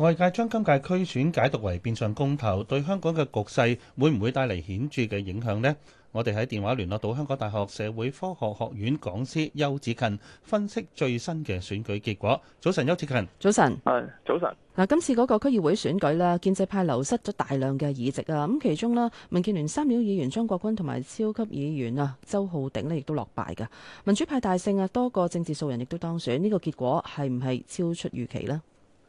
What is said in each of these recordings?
外界將今屆區選解讀為變相公投，對香港嘅局勢會唔會帶嚟顯著嘅影響呢？我哋喺電話聯絡到香港大學社會科學學院講師丘梓勤，分析最新嘅選舉結果。早晨，丘梓勤。早晨安。誒，早晨。嗱，今次嗰個區議會選舉啦，建制派流失咗大量嘅議席啊，咁其中啦，民建聯三料議員張國軍同埋超級議員啊，周浩鼎呢亦都落敗嘅，民主派大勝啊，多個政治素人亦都當選，呢、呢個結果係唔係超出預期呢？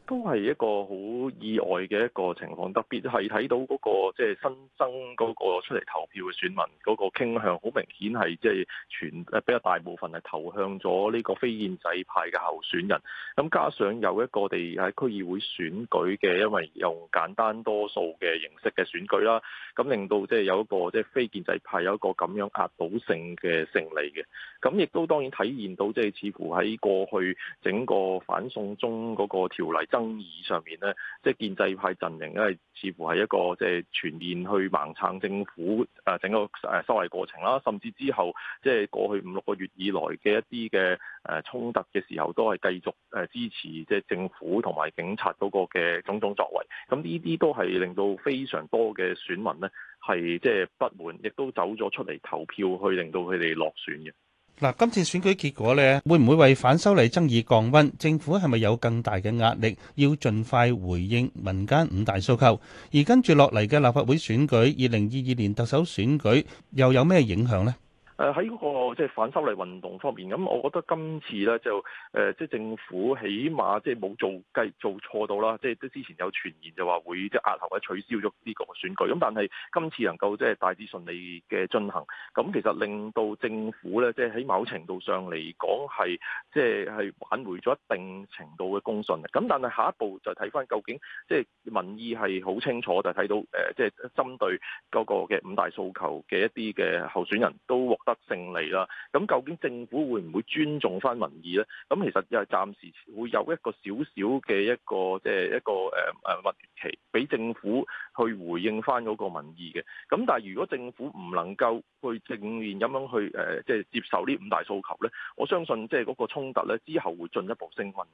都係一個好意外嘅一個情況，特別係睇到嗰個即係新增嗰個出嚟投票嘅選民嗰個傾向，好明顯係即係全誒比較大部分係投向咗呢個非建制派嘅候選人。咁加上有一個地喺區議會選舉嘅，因為用簡單多數嘅形式嘅選舉啦，咁令到即係有一個即係、就是、非建制派有一個咁樣壓倒性嘅勝利嘅。咁亦都當然體現到即係似乎喺過去整個反送中嗰個條例爭會上面咧，即係建制派陣營，因為似乎係一個即係全面去盲撐政府誒，整個誒修例過程啦，甚至之後即係過去五六個月以來嘅一啲嘅誒衝突嘅時候，都係繼續誒支持即係政府同埋警察嗰個嘅種種作為。咁呢啲都係令到非常多嘅選民咧，係即係不滿，亦都走咗出嚟投票，去令到佢哋落選嘅。嗱，今次選舉結果咧，會唔會為反修例爭議降溫？政府係咪有更大嘅壓力，要盡快回應民間五大訴求？而跟住落嚟嘅立法會選舉、二零二二年特首選舉，又有咩影響呢？誒喺嗰個即係反修例運動方面，咁我覺得今次咧就誒即係政府起碼即係冇做做錯到啦，即係之前有傳言就話會即係押後取消咗呢個選舉，咁但係今次能夠即係大致順利嘅進行，咁其實令到政府咧即係喺某程度上嚟講係即係係挽回咗一定程度嘅公信，咁但係下一步就睇翻究竟即係民意係好清楚就睇到即係針對嗰個嘅五大訴求嘅一啲嘅候選人都得勝利啦，咁究竟政府會唔會尊重翻民意呢？咁其實又係暫時會有一個少少嘅一個即係、就是、一個誒誒蜜期，俾政府去回應翻嗰個民意嘅。咁但係如果政府唔能夠去正面咁樣去誒，即、呃、係、就是、接受呢五大訴求呢，我相信即係嗰個衝突呢之後會進一步升溫。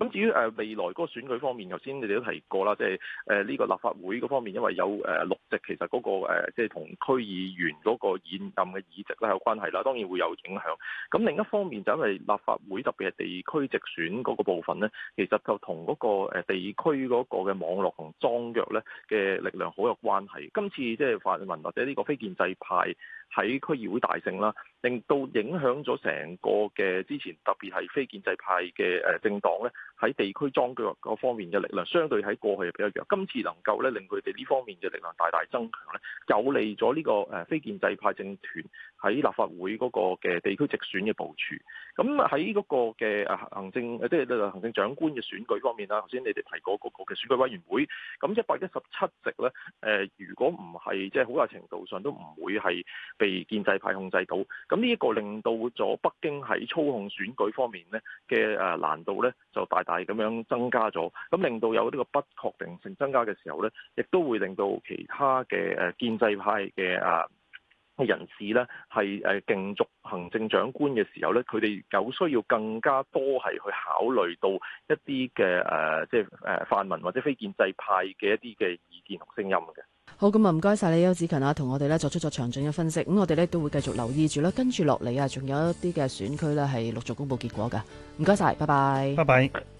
咁至於誒未來嗰個選舉方面，頭先你哋都提過啦，即係誒呢個立法會嗰方面，因為有誒六席，其實嗰個誒即係同區議員嗰個現任嘅議席咧有關係啦。當然會有影響。咁另一方面就因為立法會特別係地區直選嗰個部分咧，其實就同嗰個誒地區嗰個嘅網絡同樁腳咧嘅力量好有關係。今次即係泛民或者呢個非建制派喺區議會大勝啦，令到影響咗成個嘅之前特別係非建制派嘅誒政黨咧。喺地區樁腳嗰方面嘅力量，相對喺過去比較弱。今次能夠咧令佢哋呢方面嘅力量大大增強咧，有利咗呢個誒非建制派政團喺立法會嗰個嘅地區直選嘅部署。咁喺嗰個嘅誒行政誒即係行政長官嘅選舉方面啦，頭先你哋提過嗰個嘅選舉委員會，咁一百一十七席咧，誒如果唔係即係好大程度上都唔會係被建制派控制到。咁呢一個令到咗北京喺操控選舉方面咧嘅誒難度咧就大大係咁樣增加咗，咁令到有呢個不確定性增加嘅時候呢，亦都會令到其他嘅誒建制派嘅啊人士呢，係誒競逐行政長官嘅時候呢，佢哋有需要更加多係去考慮到一啲嘅誒，即係誒、啊、泛民或者非建制派嘅一啲嘅意見同聲音嘅。好，咁啊唔該晒你，丘梓勤啊，同我哋呢作出咗詳盡嘅分析。咁我哋呢都會繼續留意住啦，跟住落嚟啊，仲有一啲嘅選區呢，係陸續公布結果噶。唔該晒，拜拜，拜拜。